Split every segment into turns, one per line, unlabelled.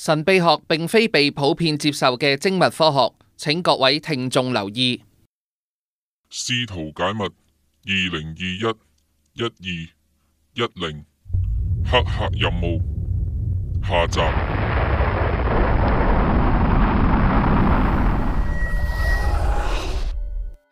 神秘學並非被普遍接受嘅精密科學，請各位聽眾留意。試圖解密二零二一一二一零駭客任務下集。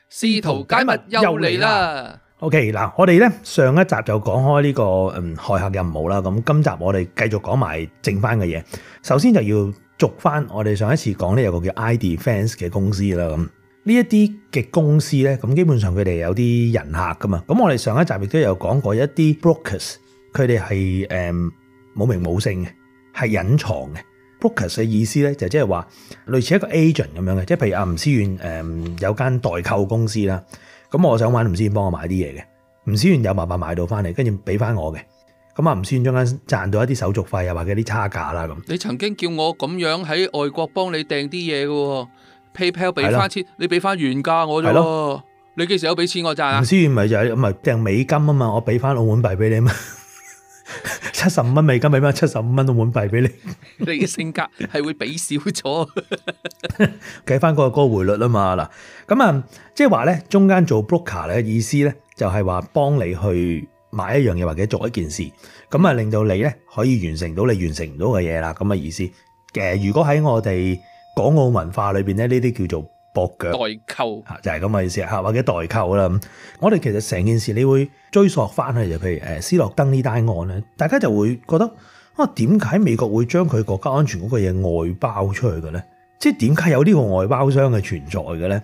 試圖解密又嚟啦！
OK 嗱，我哋咧上一集就講開呢個嗯駭客任務啦，咁今集我哋繼續講埋剩翻嘅嘢。首先就要續翻我哋上一次講咧，有個叫 IDFANS 嘅公司啦。咁呢一啲嘅公司咧，咁基本上佢哋有啲人客噶嘛。咁我哋上一集亦都有講過一啲 brokers，佢哋係誒冇名冇姓嘅，係隱藏嘅。brokers 嘅意思咧就即係話，類似一個 agent 咁樣嘅，即係譬如阿吳思遠誒有間代購公司啦。咁我想搵吳思遠幫我買啲嘢嘅，吳思遠有辦法買到翻嚟，跟住俾翻我嘅，咁啊，吳思遠中間賺到一啲手續費，又或者啲差價啦咁。
你曾經叫我咁樣喺外國幫你訂啲嘢嘅喎，PayPal 俾翻錢，你俾翻原價我啫喎，你幾時有俾錢我賺啊？吳思
遠咪就係唔係訂美金啊嘛，我俾翻澳門幣俾你嘛。七十，元七十五蚊美金，今日俾翻七十五蚊澳門幣俾你。
你嘅性格係會俾少咗，
計 翻 個高匯率啦嘛嗱。咁啊，即係話咧，中間做 broker 咧嘅意思咧，就係話幫你去買一樣嘢或者做一件事，咁啊令到你咧可以完成到你完成唔到嘅嘢啦。咁嘅意思。其實，如果喺我哋港澳文化裏邊咧，呢啲叫做。代購啊，就係咁嘅意思啊，或者代購啦。咁我哋其實成件事，你會追溯翻去，就譬如誒斯諾登呢單案咧，大家就會覺得啊，點解美國會將佢國家安全嗰個嘢外包出去嘅咧？即係點解有呢個外包商嘅存在嘅咧？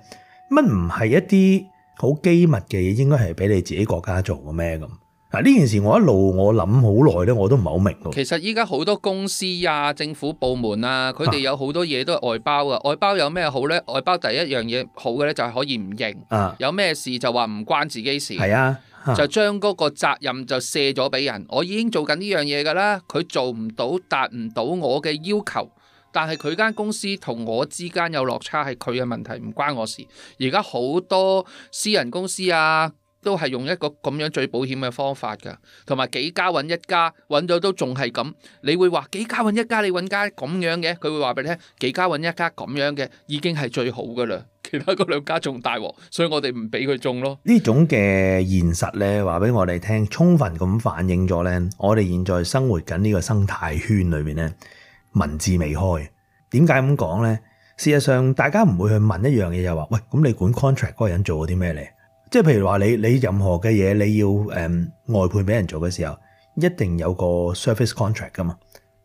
乜唔係一啲好機密嘅嘢，應該係俾你自己國家做嘅咩咁？嗱、啊、呢件事我一路我諗好耐咧，我都唔係好明。其
實依家好多公司啊、政府部門啊，佢哋有好多嘢都係外包噶、啊。外包有咩好呢？外包第一樣嘢好嘅呢，就係可以唔認，啊、有咩事就話唔關自己事。係啊，啊，就將嗰個責任就卸咗俾人。我已經做緊呢樣嘢噶啦，佢做唔到，達唔到我嘅要求，但係佢間公司同我之間有落差，係佢嘅問題，唔關我事。而家好多私人公司啊。都係用一個咁樣最保險嘅方法噶，同埋幾家揾一家，揾咗都仲係咁。你會話幾家揾一家，你揾家咁樣嘅，佢會話俾你聽幾家揾一家咁樣嘅，已經係最好噶啦。其他嗰兩家仲大鑊，所以我哋唔俾佢中咯。
呢種嘅現實呢，話俾我哋聽，充分咁反映咗呢，我哋現在生活緊呢個生態圈裏面呢，文字未開。點解咁講呢？事實上，大家唔會去問一樣嘢，就話：「喂，咁你管 contract 嗰個人做咗啲咩呢？」即係譬如話，你你任何嘅嘢你要誒、嗯、外判俾人做嘅時候，一定有個 surface contract 噶嘛。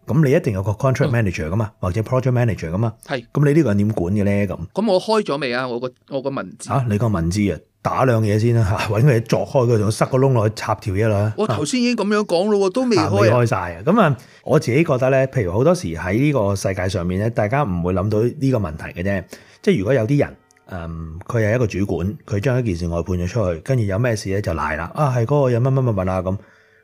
咁你一定有個 contract manager 噶嘛、嗯，或者 project manager 噶嘛。係。咁你個呢個係點管嘅咧？咁
咁我開咗未啊？我個我個
文字嚇，你個文字啊，打兩嘢先啦、啊、嚇，揾佢作開佢，仲塞個窿落去插條嘢啦、啊。我頭
先已經咁樣講啦喎，都未開。未開
晒啊！咁啊，我自己覺得咧，譬如好多時喺呢個世界上面咧，大家唔會諗到呢個問題嘅啫。即係如果有啲人。嗯，佢係一個主管，佢將一件事外判咗出去，跟住有咩事咧就賴啦。啊，係嗰個有乜乜乜乜啦咁，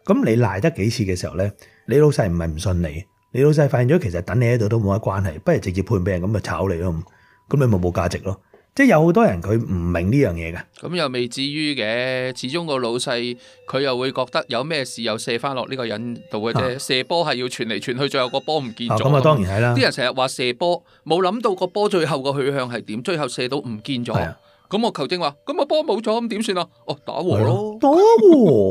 咁你賴得幾次嘅時候咧，你老細唔係唔信你，你老細發現咗其實等你喺度都冇乜關係，不如直接判俾人咁咪炒你咯，咁你咪冇冇價值咯。即係有好多人佢唔明呢樣嘢嘅，
咁又未至於嘅。始終個老細佢又會覺得有咩事又射翻落呢個人度嘅啫。射波係要傳嚟傳去，最後個波唔見咗。咁啊、哦，當然係啦。啲人成日話射波，冇諗到個波最後個去向係點，最後射到唔見咗。咁我求證話，咁啊，波冇咗，咁點算啊？哦，打和咯，
打和，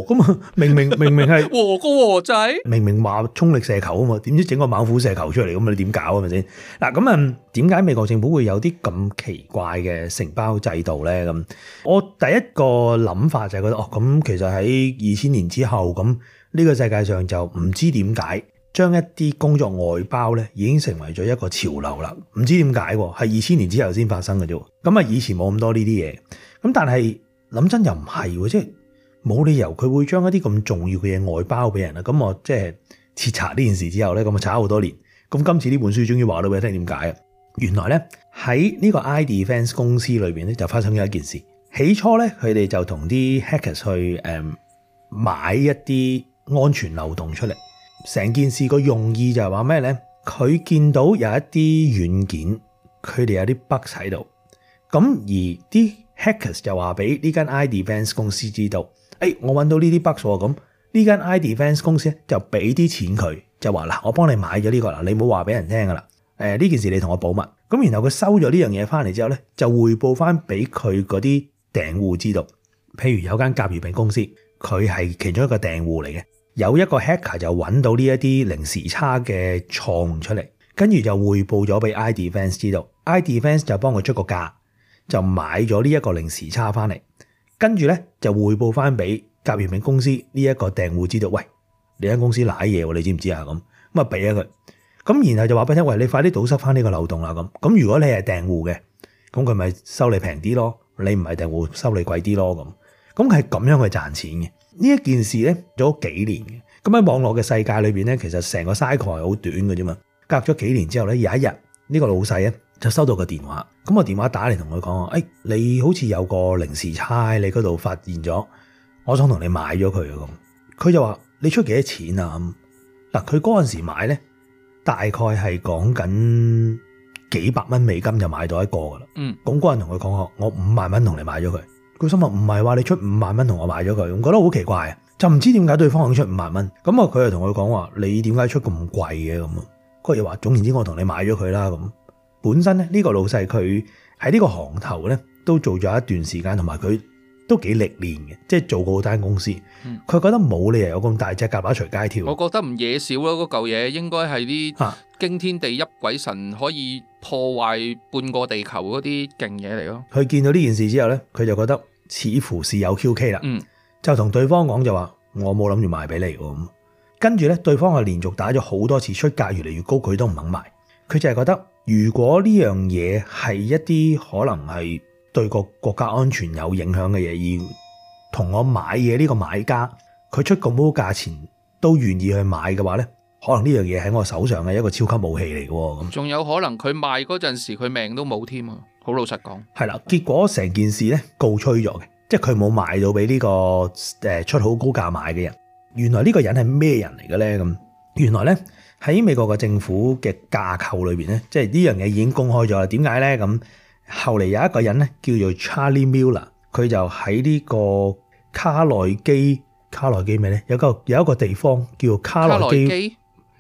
咁 啊明明明明係 和個和仔，明明話衝力射球啊嘛，點知整個猛虎射球出嚟，咁你點搞啊？係咪先，嗱，咁啊，點解美國政府會有啲咁奇怪嘅承包制度咧？咁我第一個諗法就係覺得，哦，咁其實喺二千年之後，咁呢個世界上就唔知點解。將一啲工作外包呢，已經成為咗一個潮流啦。唔知點解喎，係二千年之後先發生嘅啫。咁啊，以前冇咁多呢啲嘢。咁但係諗真又唔係喎，即係冇理由佢會將一啲咁重要嘅嘢外包俾人啦。咁我即係徹查呢件事之後呢，咁我查好多年。咁今次呢本書終於話到俾你聽點解啊？原來呢，喺呢個 iDefense 公司裏面呢，就發生咗一件事。起初呢，佢哋就同啲 hackers 去誒買一啲安全漏洞出嚟。成件事個用意就係話咩呢？佢見到有一啲軟件，佢哋有啲 bug 喺度。咁而啲 hackers 就話俾呢間 iDefense 公司知道，誒、哎，我揾到呢啲 bug 啊！咁呢間 iDefense 公司咧就俾啲錢佢，就話嗱，我幫你買咗呢、這個啦，你唔好話俾人聽噶啦。誒，呢件事你同我保密。咁然後佢收咗呢樣嘢翻嚟之後呢，就匯報翻俾佢嗰啲訂戶知道。譬如有間甲乙丙公司，佢係其中一個訂戶嚟嘅。有一個 Hacker 就揾到呢一啲零時差嘅錯誤出嚟，跟住就匯報咗俾 IDFANS 知道，IDFANS 就幫佢出個價，就買咗呢一個零時差翻嚟，跟住咧就匯報翻俾甲乙丙公司呢一個訂戶知道，喂，你間公司賴嘢喎，你知唔知啊？咁咁啊俾咗佢，咁然後就話俾聽，喂，你快啲堵塞翻呢個漏洞啦咁，咁如果你係訂戶嘅，咁佢咪收你平啲咯，你唔係訂戶收你貴啲咯咁，咁佢係咁樣去賺錢嘅。呢一件事咧做咗幾年嘅，咁喺網絡嘅世界裏面咧，其實成個 cycle 係好短嘅啫嘛。隔咗幾年之後咧，有一日呢、這個老細咧就收到個電話，咁個電話打嚟同佢講話：誒、哎、你好似有個零時差，喺你嗰度發現咗，我想同你買咗佢咁。佢就話：你出幾多錢啊？嗱，佢嗰陣時買咧大概係講緊幾百蚊美金就買到一個噶啦。嗯，咁、那、嗰、個、人同佢講話：我五萬蚊同你買咗佢。佢心諗唔係話你出五萬蚊同我買咗佢，我覺得好奇怪啊，就唔知點解對方肯出五萬蚊。咁啊，佢又同佢講話：你點解出咁貴嘅咁啊？佢又話：總言之，我同你買咗佢啦咁。本身咧呢、呢個老細佢喺呢個行頭咧都做咗一段時間，同埋佢都幾歷練嘅，即係做過單公司。佢、嗯、覺得冇理由有咁大隻蛤乸隨街跳。我覺
得唔嘢少咯，嗰嚿嘢應該係啲驚天地泣鬼神，可以破壞半個地球嗰啲勁嘢嚟咯。
佢、啊、見到呢件事之後咧，佢就覺得。似乎是有 QK 啦、嗯，就同對方講就話，我冇諗住賣俾你咁。跟住咧對方係連續打咗好多次出價，越嚟越高，佢都唔肯賣，佢就係覺得如果呢樣嘢係一啲可能係對個國家安全有影響嘅嘢，要同我買嘢呢個買家，佢出咁高價錢都願意去買嘅話咧，可能呢樣嘢喺我手上嘅一個超級武器嚟嘅咁，
仲有可能佢賣嗰陣時佢命都冇添啊！好老實講，
係啦，結果成件事咧告吹咗嘅，即係佢冇賣到俾呢個誒出好高價買嘅人。原來呢個人係咩人嚟嘅咧？咁原來咧喺美國嘅政府嘅架構裏邊咧，即係呢樣嘢已經公開咗啦。點解咧？咁後嚟有一個人咧叫做 Charlie Miller 佢就喺呢個卡內基卡內基咩咧？有個有一個地方叫卡內基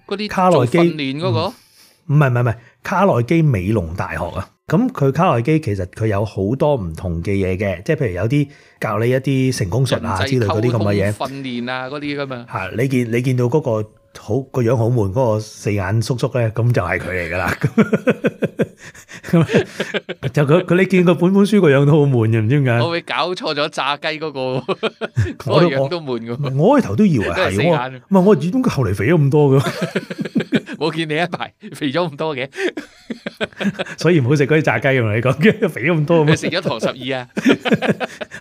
嗰啲卡內基訓練嗰、那個
唔係唔係唔係卡內基美隆大學啊？咁佢卡內基其實佢有好多唔同嘅嘢嘅，即係譬如有啲教你一啲成功術啊之類嗰啲咁嘅嘢訓
練啊嗰啲㗎
嘛，吓，你見你見到嗰個好個樣好悶嗰個四眼叔叔咧，咁就係佢嚟噶啦， 就佢他佢 你見佢本本書個樣都好悶嘅，唔知點解我
會搞錯咗炸雞嗰、那個， 我亦都悶噶，
我開頭 都以為係我唔係我始終後嚟肥咗咁多噶。 四
冇見你一排肥咗咁多嘅，
所以唔好食嗰啲炸雞。我同你講嘅肥咗咁多，咪食咗糖十二啊！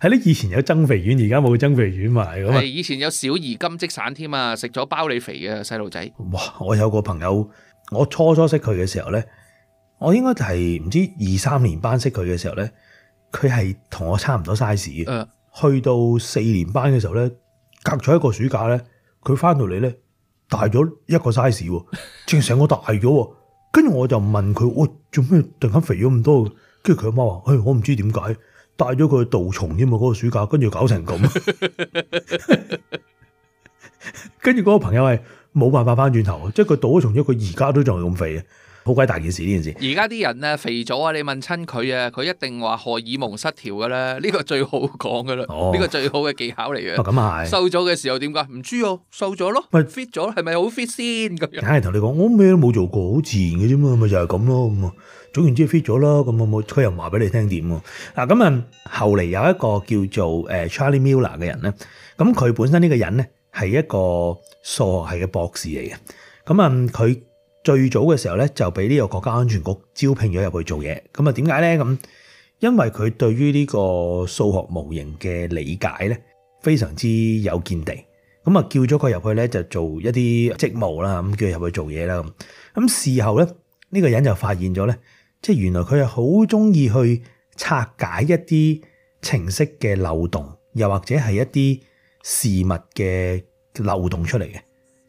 係 你以前有增肥丸，而家冇增肥丸賣。係以
前有小兒金積散添啊，食咗包你肥嘅細路仔。
哇！我有個朋友，我初初識佢嘅時候咧，我應該係唔知二三年班識佢嘅時候咧，佢係同我差唔多 size、嗯、去到四年班嘅時候咧，隔咗一個暑假咧，佢翻到嚟咧。大咗一個 size，正成個大咗，跟住我就問佢、欸欸：我做咩突然間肥咗咁多？跟住佢阿媽話：誒，我唔知點解，帶咗佢去杜蟲添嘛？嗰個暑假，跟住搞成咁，跟住嗰個朋友係冇辦法翻轉頭，即係佢杜蟲咗，佢而家都仲係咁肥啊！好鬼大件事呢件事！而
家啲人啊肥咗啊，你問親佢啊，佢一定話荷爾蒙失調噶啦，呢個最好講噶啦，呢、哦個最好嘅技巧嚟嘅。咁啊係！瘦咗嘅時候點解唔知哦，瘦咗咯，咪 fit 咗，係咪好 fit 先咁？梗係同你
講，我咩都冇做過，好自然嘅啫嘛，咪就係咁咯，咁、嗯、啊。總言之 fit 咗咯，咁我冇，佢又話俾你聽點嗱，咁、嗯、啊後嚟有一個叫做 Charlie Miller 嘅人咧，咁佢本身呢個人咧係一個數學系嘅博士嚟嘅，咁啊佢。最早嘅時候咧，就俾呢個國家安全局招聘咗入去做嘢。咁啊，點解咧？咁因為佢對於呢個數學模型嘅理解咧，非常之有見地。咁啊，叫咗佢入去咧，就做一啲職務啦。咁叫佢入去做嘢啦。咁事後咧，呢個人就發現咗咧，即係原來佢係好鍾意去拆解一啲程式嘅漏洞，又或者係一啲事物嘅漏洞出嚟嘅。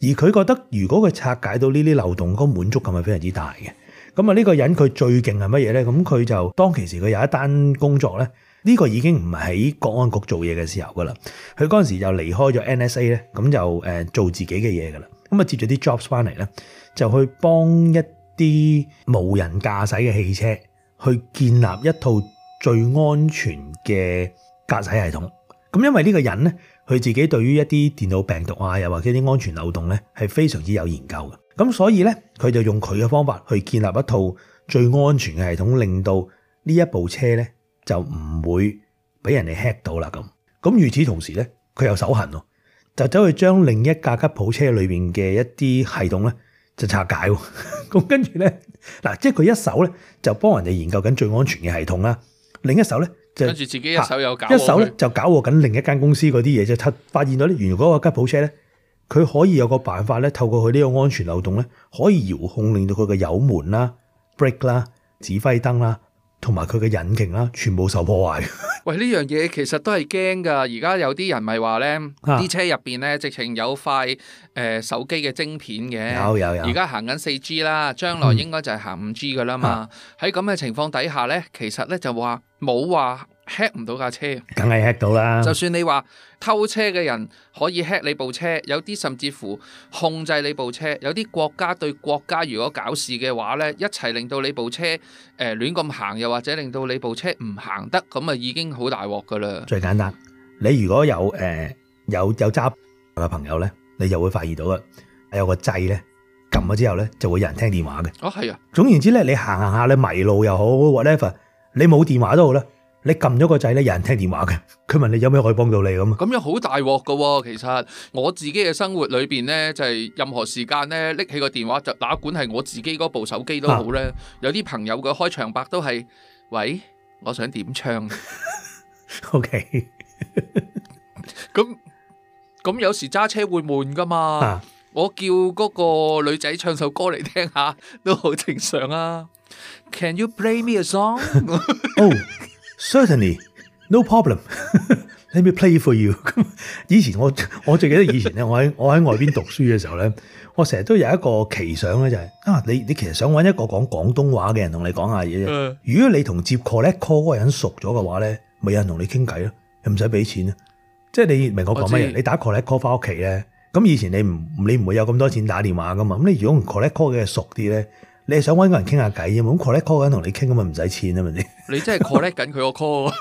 而佢覺得，如果佢拆解到呢啲漏洞，個滿足感係非常之大嘅。咁啊，呢個人佢最勁係乜嘢咧？咁佢就當其時佢有一單工作咧，呢個已經唔喺國安局做嘢嘅時候㗎啦。佢嗰陣時就離開咗 NSA 咧，咁就誒做自己嘅嘢㗎啦。咁啊，接咗啲 jobs 翻嚟咧，就去幫一啲無人駕駛嘅汽車去建立一套最安全嘅駕駛系統。咁因為呢個人咧。佢自己對於一啲電腦病毒啊，又或者啲安全漏洞咧，係非常之有研究嘅。咁所以咧，佢就用佢嘅方法去建立一套最安全嘅系統，令到呢一部車咧就唔會俾人哋 hack 到啦。咁咁，與此同時咧，佢又手痕咯，就走去將另一架吉普車裏邊嘅一啲系統咧就拆解。咁跟住咧，嗱，即係佢一手咧就幫人哋研究緊最安全嘅系統啦，另一手咧。跟住自己一
手有搞、啊、一手咧，
就搞過緊另一間公司嗰啲嘢，就七發現到咧，如果個吉普車咧，佢可以有個辦法咧，透過佢呢個安全漏洞咧，可以遙控令到佢嘅油門啦、break 啦、指揮燈啦，同埋佢嘅引擎啦，全部受破壞。
喂，呢樣嘢其實都係驚噶。而家有啲人咪話呢啲、啊、車入面呢直情有塊、呃、手機嘅晶片嘅。有有有。而家行緊四 G 啦，將來應該就係行五 G 噶啦嘛。喺咁嘅情況底下呢，其實呢就話冇話。hack 唔到架車，
梗係 hack 到啦。就算
你話偷車嘅人可以 hack 你部車，有啲甚至乎控制你部車，有啲國家對國家如果搞事嘅話咧，一齊令到你部車誒亂咁行，又或者令到你部車唔行得，咁啊已經好大鑊噶啦。
最簡單，你如果有誒、呃、有有揸嘅朋友咧，你又會發現到嘅，有個掣咧，撳咗之後咧就會有人聽電話嘅。哦，係啊。總言之咧，你行行下你迷路又好，whatever，你冇電話都好啦。你撳咗個掣咧，有人聽電話嘅。佢問你有咩可以幫到你咁啊？咁
樣好大鑊噶。其實我自己嘅生活裏邊咧，就係任何時間咧拎，起個電話就，哪管係我自己嗰部手機都好咧。有啲朋友嘅開場白都係，喂，我想點唱？OK。咁咁有時揸車會悶噶嘛，我叫嗰個女仔唱首歌嚟聽下都好正常啊。Can you play me a song？
Certainly, no problem. let me play for you. 咁 以前我我最記得以前咧，我喺我喺外邊讀書嘅時候咧， 我成日都有一個奇想咧、就係，就係啊，你你其實想搵一個講廣東話嘅人同你講下嘢。如果你同接 collect call 嗰個人熟咗嘅話咧，咪有人同你傾偈咯，又唔使俾錢啊。即係你明我講乜嘢？你打 collect call 翻屋企咧，咁以前你唔你唔會有咁多錢打電話㗎嘛。咁你如果唔 collect call 嘅熟啲咧。你係想揾個人傾下偈啊？嘛咁 collect call 緊同你傾咁啊，唔使錢啊嘛？你
你真係 collect 緊佢個 call？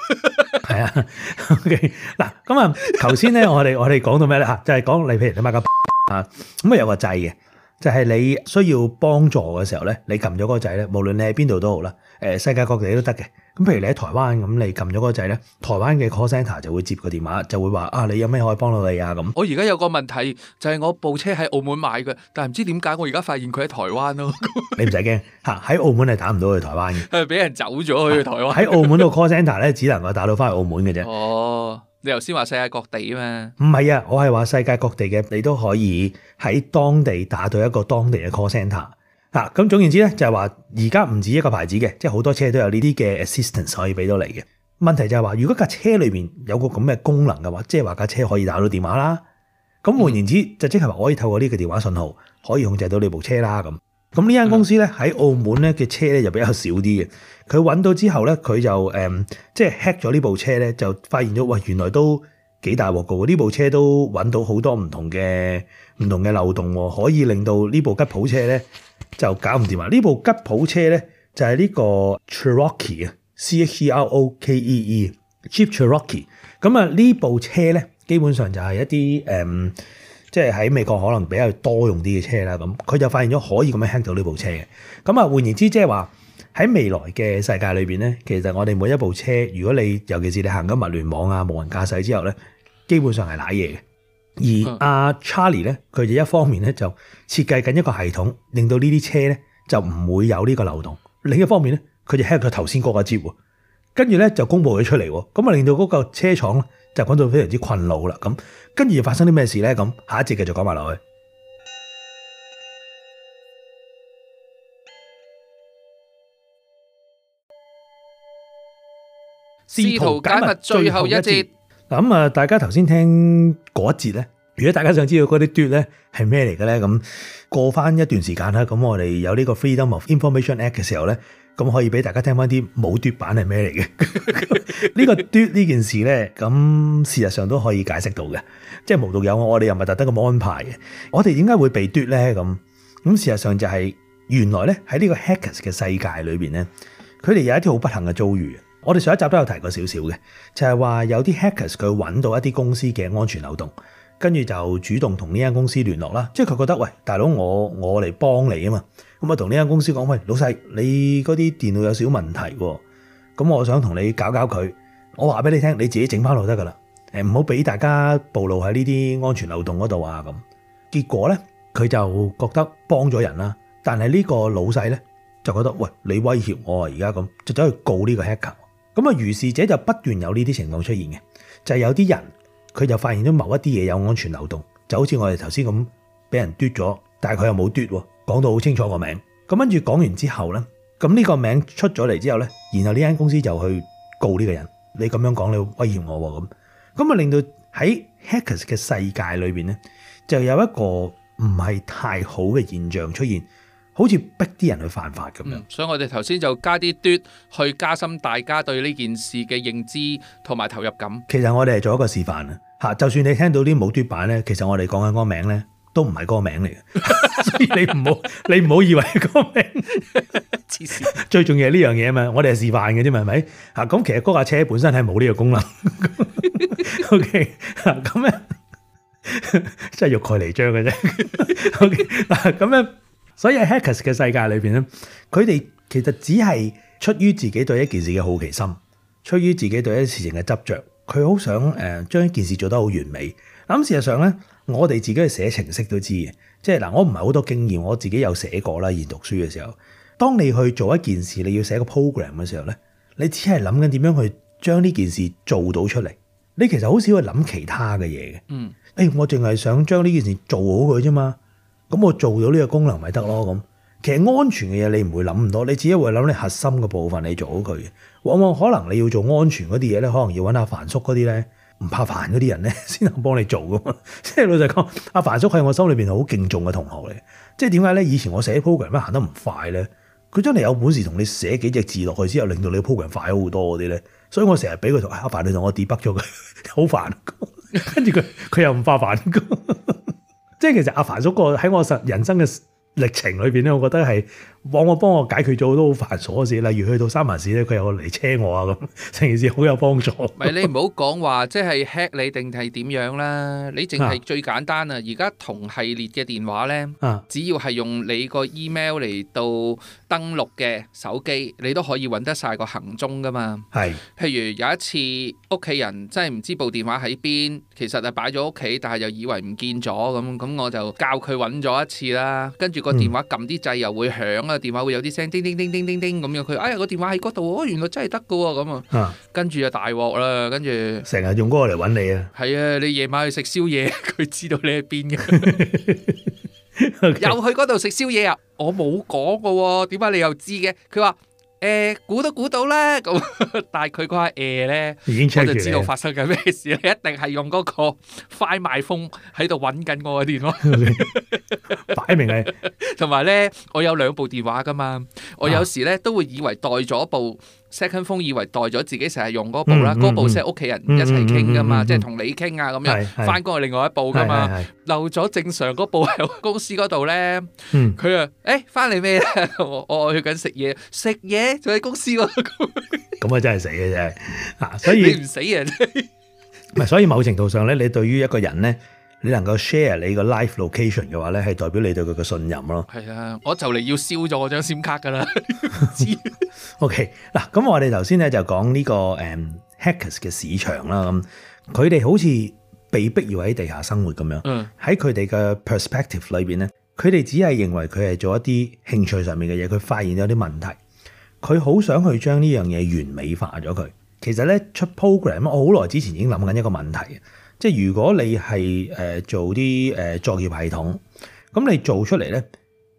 係啊
，OK 嗱，咁啊頭先呢，我哋我哋講到咩呢？就係講你譬如你買個啊，咁啊有個掣嘅。就係、是、你需要幫助嘅時候咧，你撳咗嗰個掣咧，無論你喺邊度都好啦，誒、呃、世界各地都得嘅。咁譬如你喺台灣，咁你撳咗嗰個掣咧，台灣嘅 call center 就會接個電話，就會話啊，你有咩可以幫到你啊咁。
我而家有個問題，就係、是、我部車喺澳門買嘅，但係唔知點解我而家發現佢喺台灣咯、
啊。 你唔使驚，嚇喺澳門係打唔到去台灣嘅。
係俾人走咗去台灣。喺 澳
門個 call center 咧，只能夠打到翻去澳門嘅啫。哦。
你頭先話世界各地啊嘛？
唔係啊，我係話世界各地嘅你都可以喺當地打到一個當地嘅 call centre 啊咁、啊嗯、總言之咧，就係話而家唔止一個牌子嘅，即係好多車都有呢啲嘅 assistance 可以俾到你嘅。問題就係話，如果架車裏面有個咁嘅功能嘅話，即係話架車可以打到電話啦。咁換言之，嗯、就即係話可以透過呢個電話信號可以控制到你部車啦咁。嗯咁呢間公司咧，喺澳門咧嘅車咧就比較少啲嘅。佢揾到之後咧，佢就誒即係 hack 咗呢部車咧，就發現咗，喂，原來都幾大鑊噶喎！呢部車都揾到好多唔同嘅唔同嘅漏洞，可以令到呢部吉普車咧就搞唔掂啊！呢部吉普車咧就係呢個 Cherokee 啊，C H R O K E E Jeep Cherokee。咁啊呢部車咧基本上就係一啲誒。嗯即係喺美國可能比較多用啲嘅車啦，咁佢就發現咗可以咁樣 hack 到呢部車嘅。咁啊，換言之，即係話喺未來嘅世界裏面咧，其實我哋每一部車，如果你尤其是你行緊物聯網啊、無人駕駛之後咧，基本上係瀨嘢嘅。而阿 Charlie 咧，佢就一方面咧就設計緊一個系統，令到呢啲車咧就唔會有呢個漏洞。另一方面咧，佢就 hack 佢頭先嗰個接喎，跟住咧就公佈咗出嚟，咁啊令到嗰個車廠就講到非常之困擾啦，咁跟住又發生啲咩事呢？咁下一節繼續講埋落去，試圖解密最後一節。嗱咁啊，大家頭先聽嗰一節呢，如果大家想知道嗰啲嘟呢係咩嚟嘅呢，咁過翻一段時間啦，咁我哋有呢個 Freedom of Information Act 嘅時候呢。咁可以俾大家聽翻啲冇奪版係咩嚟嘅？呢、 呢個奪呢件事咧，咁事實上都可以解釋到嘅，即係無獨有偶，我哋又唔係特登咁安排嘅。我哋點解會被奪咧？咁咁事實上就係、是、原來咧喺呢個 hackers 嘅世界裏邊咧，佢哋有一條好不幸嘅遭遇。我哋上一集都有提過少少嘅，就係、是、話有啲 hackers 佢揾到一啲公司嘅安全漏洞，跟住就主動同呢間公司聯絡啦，即係佢覺得喂，大佬我我嚟幫你啊嘛。咁啊，同呢間公司講，喂，老細，你嗰啲電腦有少少問題，咁我想同你搞搞佢。我話俾你聽，你自己整翻落得噶啦，誒，唔好俾大家暴露喺呢啲安全漏洞嗰度啊。咁結果咧，佢就覺得幫咗人啦。但係呢個老細咧就覺得，喂，你威脅我啊，而家咁就走去告呢個黑客。咁啊，如是者就不斷有呢啲情況出現嘅，就係、是、有啲人佢就發現咗某一啲嘢有安全漏洞，就好似我哋頭先咁俾人奪咗，但係佢又冇奪喎。講到好清楚個名，咁跟住講完之後呢，咁呢個名出咗嚟之後呢，然後呢間公司就去告呢個人，你咁樣講你威脅我咁，咁啊令到喺 hackers 嘅世界裏邊呢，就有一個唔係太好嘅現象出現，好似逼啲人去犯法咁樣、嗯。
所以我哋頭先就加啲嘟去加深大家對呢件事嘅認知同埋投入感。
其實我哋係做一個示範啊，吓，就算你聽到啲冇嘟版呢，其實我哋講緊嗰個名呢。都唔係歌名嚟嘅，所以你唔好你唔好以為歌名，最重要係呢樣嘢啊嘛！我哋係示範嘅啫，係咪？啊，咁其實嗰架車本身係冇呢個功能。O K，嗱咁樣，即係欲蓋彌彰嘅啫。O K，嗱咁樣，所以喺 hackers 嘅世界裏邊咧，佢哋其實只係出於自己對一件事嘅好奇心，出於自己對一件事情嘅執着。佢好想誒將一件事做得好完美。咁事實上咧，我哋自己去寫程式都知嘅，即係嗱，我唔係好多經驗，我自己有寫過啦。而讀書嘅時候，當你去做一件事，你要寫個 program 嘅時候咧，你只係諗緊點樣去將呢件事做到出嚟。你其實好少去諗其他嘅嘢嘅。嗯。誒、欸，我淨係想將呢件事做好佢啫嘛。咁我做到呢個功能咪得咯咁。其實安全嘅嘢你唔會諗咁多，你只係會諗你核心嘅部分你做好佢嘅。往往可能你要做安全嗰啲嘢咧，可能要揾阿凡叔嗰啲咧，唔怕煩嗰啲人咧，先能幫你做㗎嘛。即係老實講，阿凡叔係我心裏邊好敬重嘅同學嚟。即係點解咧？以前我寫 program 咩行得唔快咧，佢真係有本事同你寫幾隻字落去之後，令到你 program 快好多嗰啲咧。所以我成日俾佢同阿凡，你同我 debug 咗佢，好煩。跟住佢佢又唔怕煩。 即係其實阿凡叔個喺我實人生嘅歷程裏邊咧，我覺得係。幫我幫我解決咗都好煩瑣
嘅事，例如去到三文市，佢又來車我，成件事好有幫助。唉，你唔好講話，即係 電話會有啲聲，叮叮叮叮叮叮咁樣，佢哎呀，個電話喺嗰度，哦，原來真係得噶喎，咁啊，跟住就大鑊啦，跟住成日用嗰個嚟揾你啊，係啊，你夜晚去食宵夜，佢知道你喺邊嘅，又 ，okay，去嗰度食宵夜啊，我冇講過，點解你又知嘅？佢話。誒、欸、估都估到啦，咁但係佢嗰下 air 咧，
我就知道發生
緊咩事咧，一定係用嗰個快麥風喺度揾緊我嘅電話，擺明係。同埋咧，我有兩部電話噶嘛，我有時咧、啊、都會以為代咗部。Second phone 以為代咗自己成日用嗰部啦，嗰部即係屋企人一齊傾噶嘛，即係同你傾啊咁樣，翻過去另外一部噶嘛，漏咗正常嗰部喺公司嗰度咧。佢啊，誒翻嚟咩咧？我我要緊食嘢，食嘢仲喺公司度。
咁啊真係死嘅啫，嚇！所以你唔死啊？唔係，所以某程度上咧，你對於一個人咧。你能夠 share 你個 life location 嘅話咧，係代表你對佢嘅信任咯。係啊，
我就嚟要燒咗我張閃卡噶啦。
O K，嗱咁我哋頭先咧就講呢、這個誒、um, hackers 嘅市場啦。咁佢哋好似被逼要喺地下生活咁樣。嗯。喺佢哋嘅 perspective 裏邊咧，佢哋只係認為佢係做一啲興趣上面嘅嘢。佢發現咗啲問題，佢好想去將呢樣嘢完美化咗佢。其實咧出 program，我好耐之前已經諗緊一個問題。即係如果你係誒做啲誒作業系統，咁你做出嚟呢，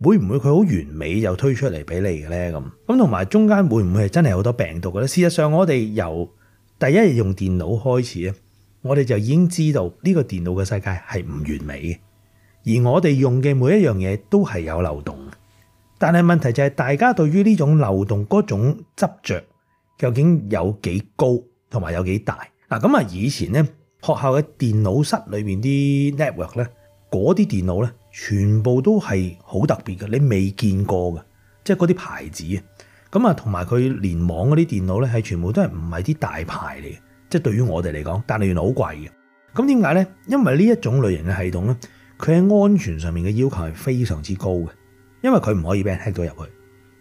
會唔會佢好完美又推出嚟俾你嘅呢？咁咁同埋中間會唔會係真係好多病毒嘅咧？事實上，我哋由第一日用電腦開始咧，我哋就已經知道呢個電腦嘅世界係唔完美嘅，而我哋用嘅每一樣嘢都係有漏洞。但係問題就係大家對於呢種漏洞嗰種執著究竟有幾高同埋有幾大嗱？咁啊，以前呢。學校嘅電腦室裏面啲 network 咧，嗰啲電腦咧，腦全部都係好特別嘅，你未見過嘅，即係嗰啲牌子啊。咁啊，同埋佢連網嗰啲電腦咧，係全部都係唔係啲大牌嚟嘅，即係對於我哋嚟講，但係原來好貴嘅。咁點解咧？因為呢一種類型嘅系統咧，佢喺安全上面嘅要求係非常之高嘅，因為佢唔可以俾人 hack 咗入去。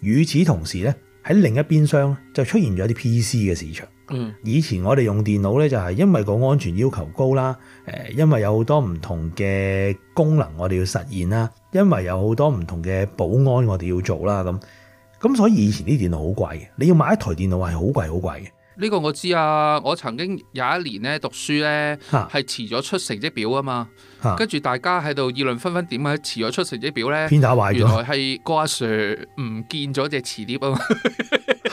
與此同時咧，喺另一邊廂就出現咗一啲 PC 嘅市場。嗯，以前我哋用電腦咧，就係因為個安全要求高啦，誒，因為有好多唔同嘅功能我哋要實現啦，因為有好多唔同嘅保安我哋要做啦，咁，咁所以以前啲電腦好貴嘅，你要買一台電腦係好貴好貴嘅。
呢個我知啊！我曾經有一年咧讀書咧，係遲咗出成績表啊嘛。跟住大家喺度議論紛紛，點解遲咗出成績表咧？打壞，原來係個阿 Sir 唔見咗隻磁碟啊嘛。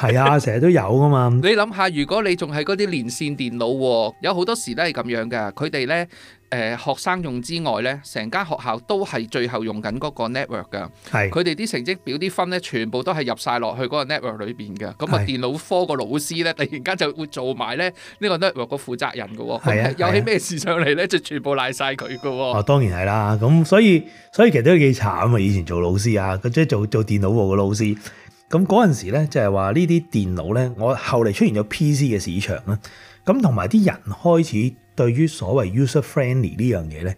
是啊！係啊，成日都有噶嘛。
你諗下，如果你仲係嗰啲連線電腦，有好多時都係咁樣噶。佢哋咧。誒、呃、學生用之外咧，成間學校都係最後用緊嗰個 network 噶。係佢哋啲成績表啲分咧，全部都係入晒落去嗰個 network 裏邊嘅。咁啊，電腦科個老師咧，突然間就會做埋咧呢個 network 個負責人嘅。係啊，有起咩事上嚟咧、啊，就全部賴晒佢㗎喎。當
然係啦。咁所以所以其實都幾慘啊！以前做老師啊，即係做做電腦部嘅老師。咁嗰陣時咧，就係話呢啲電腦咧，我後嚟出現咗 PC 嘅市場啦。咁同埋啲人開始。對於所謂 user friendly 呢樣嘢呢，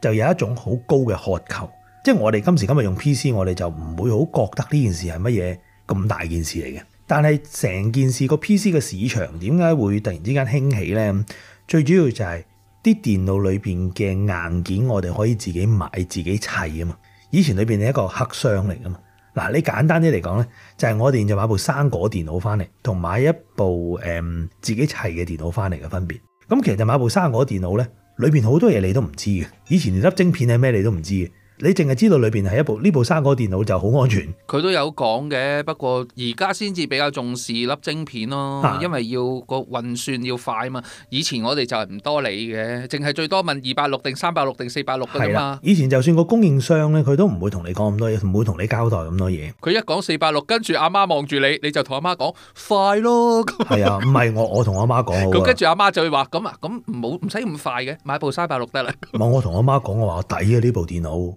就有一種好高嘅渴求，即係我哋今時今日用 PC，我哋就唔會好覺得呢件事係乜嘢咁大件事嚟嘅。但係成件事個 PC 嘅市場點解會突然之間興起呢？最主要就係啲電腦裏面嘅硬件我哋可以自己買自己砌啊嘛。以前裏面係一個黑箱嚟噶嘛。嗱，你簡單啲嚟講呢，就係、是、我哋就買部生果電腦翻嚟，同買一部，買一部、嗯、自己砌嘅電腦翻嚟嘅分別。咁其實就買部生果個電腦呢，裏面好多嘢你都唔知嘅。以前連粒晶片係咩你都唔知嘅。你淨係知道裏邊係一部呢部生果電腦就好安全。
佢都有講嘅，不過而家先至比較重視粒晶片咯，啊、因為要個運算要快啊嘛。以前我哋就係唔多理嘅，淨係最多問二百六定三百六定四百六嘅嘛。以前就
算個供應商咧，佢都唔會同你講咁多嘢，唔會同你交代咁多嘢。
佢一講四百六，跟住阿媽望住你，你就同阿媽講快咯。係 啊，
唔係我，我同阿媽講跟住
阿媽就會話：咁啊，咁唔好唔使咁快嘅，買部三百六得
啦。我同阿媽講我話，抵啊呢部電腦。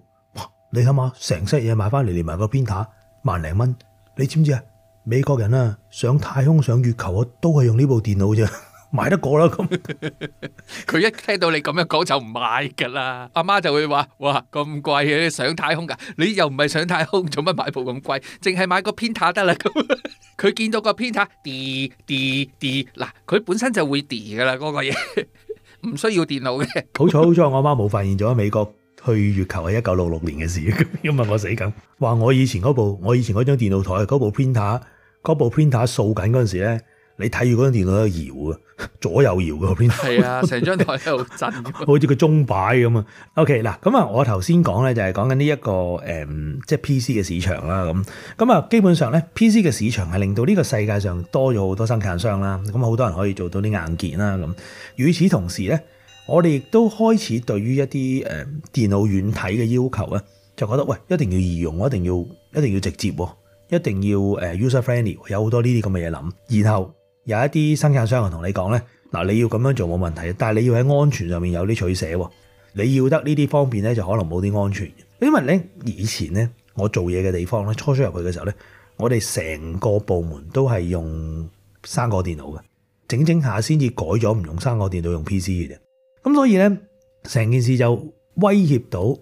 你諗下，成 set 嘢，買翻嚟，連埋個 printer 萬零蚊，你知唔知啊？美國人啊，上太空、上月球啊，都係用呢部電腦啫，買得過啦。咁
佢 一聽到你咁樣講就唔買噶啦。阿媽就會話：哇，咁貴嘅，上太空噶？你又唔係上太空，做乜買部咁貴？淨係買個 printer 得啦。咁佢見到個 printer 嘀嘀嘀嗱，佢本身就會嘀噶啦，嗰、嗰個嘢唔需要電腦嘅。
好彩好彩，我阿媽冇發現咗喺美國。去月球係一九六六年嘅事，因為我死緊。話我以前嗰部，我以前嗰張電腦台，嗰部 printer，嗰部 printer 掃緊嗰陣時咧，你睇住嗰張電腦喺度搖啊，左右搖嗰 printer。係啊，成 張台
喺度震，好 似
個鐘擺咁啊。O K，嗱咁啊，那我頭先講咧就係講緊呢一個誒，即係 P C 嘅市場啦。咁咁啊，基本上咧 P C 嘅市場係令到呢個世界上多咗好多生產商啦。咁好多人可以做到啲硬件啦。咁與此同時咧。我哋亦都開始對於一啲誒電腦軟體嘅要求咧，就覺得喂，一定要易用，一定要一定要直接，一定要 user friendly，有好多呢啲咁嘅嘢諗。然後有一啲生產商同你講咧，嗱，你要咁樣做冇問題，但係你要喺安全上面有啲取捨喎。你要得呢啲方便咧，就可能冇啲安全。因為咧以前咧，我做嘢嘅地方咧，初初入去嘅時候咧，我哋成個部門都係用生果電腦嘅，整整下先至改咗唔用生果電腦，用 PC 嘅啫。咁所以咧，成件事就威脅到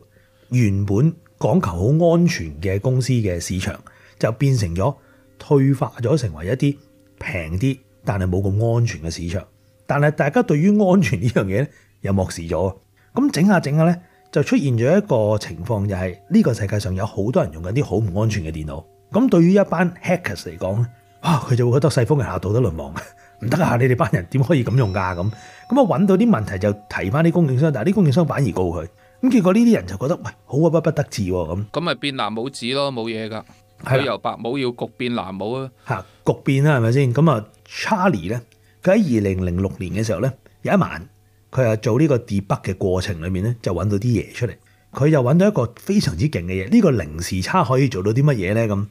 原本講求好安全嘅公司嘅市場，就變成咗退化咗，成為一啲平啲但係冇咁安全嘅市場。但係大家對於安全呢樣嘢又漠視咗。咁整下整下咧，就出現咗一個情況，就係呢個世界上有好多人用緊啲好唔安全嘅電腦。咁對於一班 hackers 嚟講咧，哇，佢就會覺得世風日下，道德淪亡。唔得啊，你哋班人點可以咁用㗎咁？咁啊，揾到啲問題就提翻啲供應商，但係啲供應商反而告佢。咁結果呢啲人就覺得，喂，好啊，不不得志喎、啊、咁。
咁咪變藍帽子咯，冇嘢㗎。啊、由白帽要焗變藍帽
啊。嚇、啊，焗變啦，係咪先？咁啊，Charlie 咧，佢喺二零零六年嘅時候咧，有一晚，佢係做呢個 debug 嘅過程裏面咧，就揾到啲嘢出嚟。佢就揾到一個非常之勁嘅嘢，呢、呢個零時差可以做到啲乜嘢咧？咁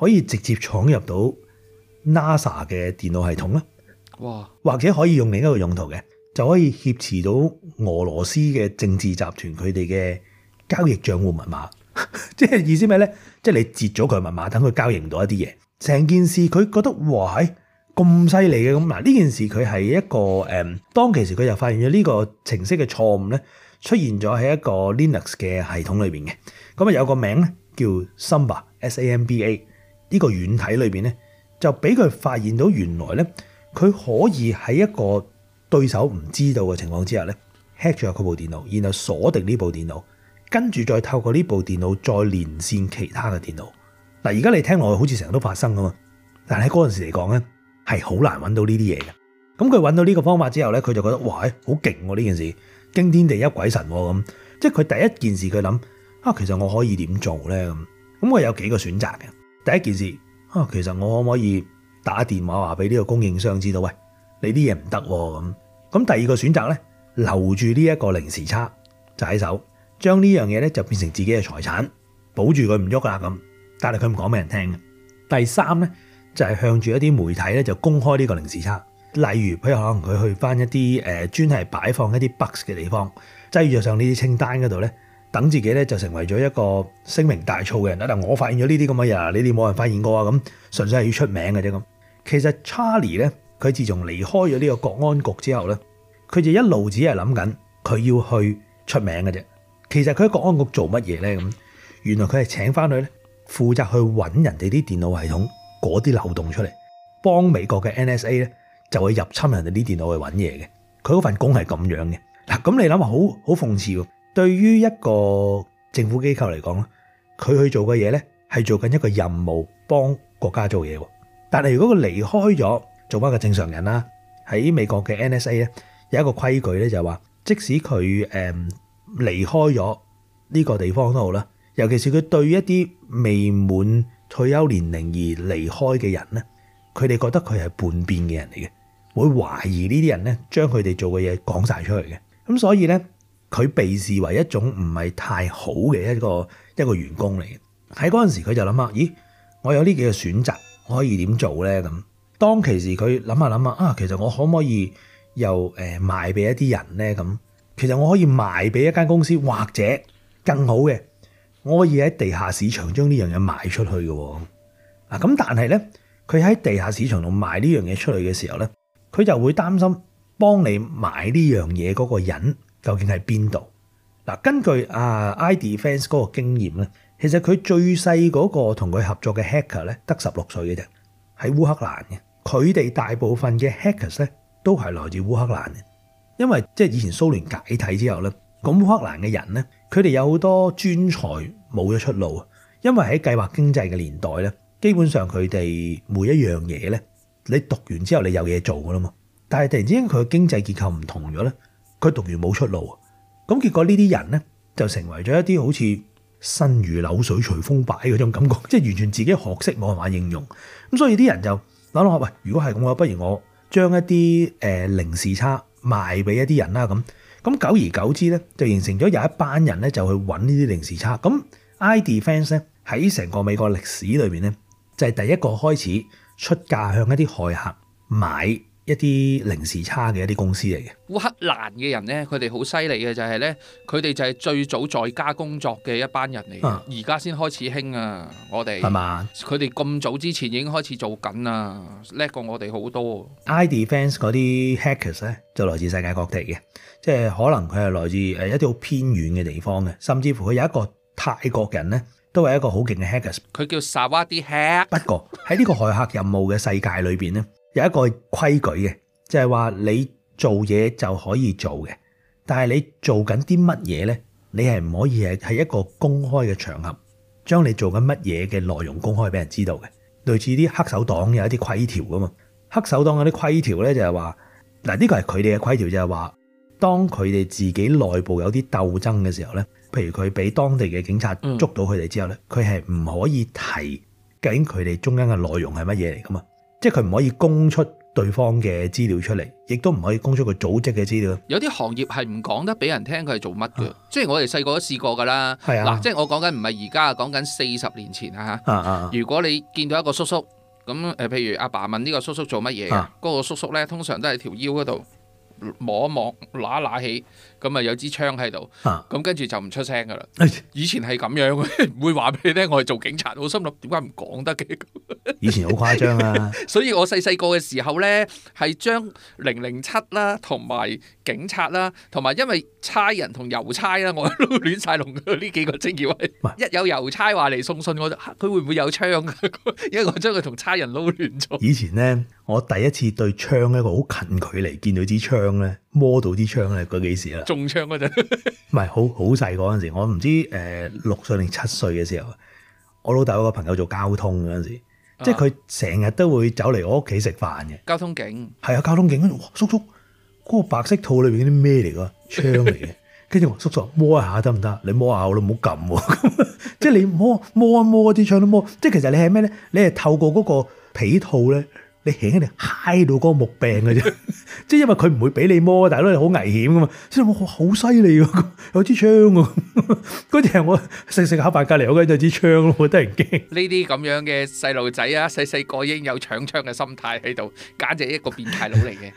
可以直接闖入到 NASA 嘅電腦系統啊！或者可以用另一個用途嘅，就可以挾持到俄羅斯嘅政治集團佢哋嘅交易賬戶密碼。即 係意思咩咧？即、就、係、係、你截咗佢密碼，等佢交易唔到一啲嘢。成件事佢覺得哇，咁犀利嘅咁嗱。呢件事佢係一個誒、嗯，當其時佢就發現咗呢個程式嘅錯誤咧，出現咗喺一個 Linux 嘅系統裏邊嘅。咁啊，有個名咧叫 Samba，S-A-M-B-A S-A-M-B-A。呢個軟體裏邊咧，就俾佢發現到原來咧。佢可以喺一個對手唔知道嘅情況之下咧，hack 咗佢部電腦，然後鎖定呢部電腦，跟住再透過呢部電腦再連線其他嘅電腦。嗱，而家你聽落去好似成日都發生㗎嘛。但係喺嗰陣時嚟講咧，係好難揾到呢啲嘢嘅。咁佢揾到呢個方法之後咧，佢就覺得哇，好勁喎呢件事，驚天地泣鬼神咁、啊。即係佢第一件事佢諗啊，其實我可以點做咧咁？咁我有幾個選擇嘅。第一件事啊，其實我可唔可以？打電話話俾呢個供應商知道，喂，你啲嘢唔得喎咁。咁第二個選擇咧，留住呢一個零時差就喺手，將呢樣嘢咧就變成自己嘅財產，保住佢唔喐啦咁。但係佢唔講俾人聽嘅。第三咧就係、是、向住一啲媒體咧就公開呢個零時差，例如譬如可能佢去翻一啲誒專係擺放一啲 bugs 嘅地方，擠著上呢啲清單嗰度咧。等自己咧就成為咗一個聲名大噪嘅人啦！嗱，我發現咗呢啲咁嘅嘢，你哋冇人發現過啊！咁純粹係要出名嘅啫咁。其實查理咧，佢自從離開咗呢個國安局之後咧，佢就一路只係諗緊佢要去出名嘅啫。其實佢喺國安局做乜嘢咧咁？原來佢係請翻佢咧，負責去揾人哋啲電腦系統嗰啲漏洞出嚟，幫美國嘅 NSA 咧就會入侵人哋啲電腦去揾嘢嘅。佢嗰份工係咁樣嘅，嗱，咁你諗下，好好諷刺喎！對於一個政府機構嚟講咧，佢去做嘅嘢咧係做緊一個任務，幫國家做嘢喎。但係如果佢離開咗，做翻個正常人啦，喺美國嘅 NSA 咧有一個規矩咧，就係話，即使佢誒離開咗呢個地方都好啦，尤其是佢對一啲未滿退休年齡而離開嘅人咧，佢哋覺得佢係叛變嘅人嚟嘅，會懷疑呢啲人咧將佢哋做嘅嘢講晒出嚟嘅。咁所以咧。佢被視為一種唔係太好嘅一個一個員工嚟嘅。喺嗰陣時，佢就諗啊，咦，我有呢幾個選擇，我可以點做呢？想着想着，咁當其時，佢諗下諗下啊，其實我可唔可以又誒賣俾一啲人呢？咁其實我可以賣俾一間公司，或者更好嘅，我可以喺地下市場將呢樣嘢賣出去嘅啊。咁但係呢，佢喺地下市場度賣呢樣嘢出去嘅時候呢，佢就會擔心幫你賣呢樣嘢嗰個人。究竟喺邊度？嗱，根據啊，iDefense 嗰個經驗咧，其實佢最細嗰個同佢合作嘅 hacker 呢，咧，得十六歲嘅啫，喺烏克蘭嘅。佢哋大部分嘅 hackers 咧，都係來自烏克蘭嘅，因為即係以前蘇聯解體之後咧，咁烏克蘭嘅人咧，佢哋有好多專才冇咗出路，因為喺計劃經濟嘅年代咧，基本上佢哋每一樣嘢咧，你讀完之後你有嘢做噶啦嘛，但係突然之間佢嘅經濟結構唔同咗咧。佢讀完冇出路，咁結果呢啲人呢，就成為咗一啲好似身如流水隨風擺嗰種感覺，即係完全自己學識冇辦法應用。咁所以啲人就諗諗，喂，如果係咁嘅，不如我將一啲零時差賣俾一啲人啦。咁咁久而久之呢，就形成咗有一班人呢，就去揾呢啲零時差。咁 iDefense 呢喺成個美國歷史裏面呢，就係第一個開始出價向一啲駭客買，一啲零時差嘅一啲公司嚟嘅。
烏克蘭嘅人咧，佢哋好犀利嘅就係咧，佢哋就係最早在家工作嘅一班人嚟。啊，而家先開始興啊，我哋係嘛？佢哋咁早之前已經開始做緊啦，叻過我哋好多。
iDefense 嗰啲 hackers 咧，就來自世界各地嘅，即係可能佢係來自誒一啲好偏遠嘅地方嘅，甚至乎佢有一個泰國人咧，都係一個好勁嘅 hackers。
佢叫沙哇啲 hack。不
過喺呢個駭客任務嘅世界裏邊咧。有一個規矩嘅，就係話你做嘢就可以做嘅，但係你做緊啲乜嘢呢？你係唔可以係一個公開嘅場合將你做緊乜嘢嘅內容公開俾人知道嘅。類似啲黑手黨有一啲規條噶嘛，黑手黨嗰啲規條呢，就係話嗱，呢個係佢哋嘅規條就，就係話當佢哋自己內部有啲鬥爭嘅時候呢，譬如佢俾當地嘅警察捉到佢哋之後呢，佢係唔可以提究竟佢哋中間嘅內容係乜嘢嚟噶嘛。即係佢唔可以供出對方嘅資料出嚟，亦都唔可以供出個組織嘅資料。
有啲行業係唔講得俾人聽，佢係做乜嘅。即係我哋細個都試過㗎啦。啊，嗱、啊，即係我講緊唔係而家，講緊四十年前啊嚇。如果你見到一個叔叔咁，譬如阿爸問呢個叔叔做乜嘢，嗰個叔叔咧通常都係條腰嗰度摸一摸，揦揦起。咁啊有支槍喺度，咁跟住就唔出聲噶啦。以前係咁樣嘅，唔會話俾你聽。我係做警察，我心諗點解唔講得嘅？
以前好誇張啊！
所以我細細個嘅時候咧，係將零零七啦，同埋警察啦，同埋因為差人同郵差啦，我撈亂晒龍呢幾個職業位。一有郵差話嚟送信，我就佢會唔會有槍？ 因為我將佢同差人撈亂咗。
以前咧，我第一次對槍一個好近距離見到支槍咧，摸到支槍咧，嗰幾時中槍嗰陣，唔係好好細嗰陣時，我唔知誒六歲定七歲嘅時候，我老豆有個朋友做交通嗰陣時，啊，即係佢成日都會走嚟我屋企食飯嘅交通警，係啊交通警叔叔，嗰、嗰個白色套裏邊啲咩嚟噶？槍嚟嘅，跟 住叔叔摸一下得唔得？你摸下我都唔好撳喎。啊、 即係你摸摸一摸嗰啲槍都摸，即係其實你係咩咧？你係透過嗰個皮套咧。你輕輕哋嗨到個木柄嘅啫，即係因為佢唔會俾你摸，但係咧好危險噶嘛。所以話好犀利，有支槍啊！嗰陣我食食黑白隔籬，我見到有支槍咯，我得人驚。
呢啲咁樣嘅細路仔啊，細細個已經有搶槍嘅心態喺度，簡直一個變態佬嚟嘅。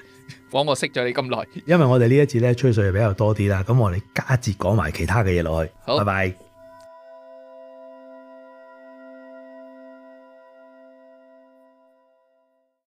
講我識咗你咁耐，
因為我哋呢一節咧吹水係比較多啲啦，咁我哋加一節講埋其他嘅嘢落去。好，拜拜。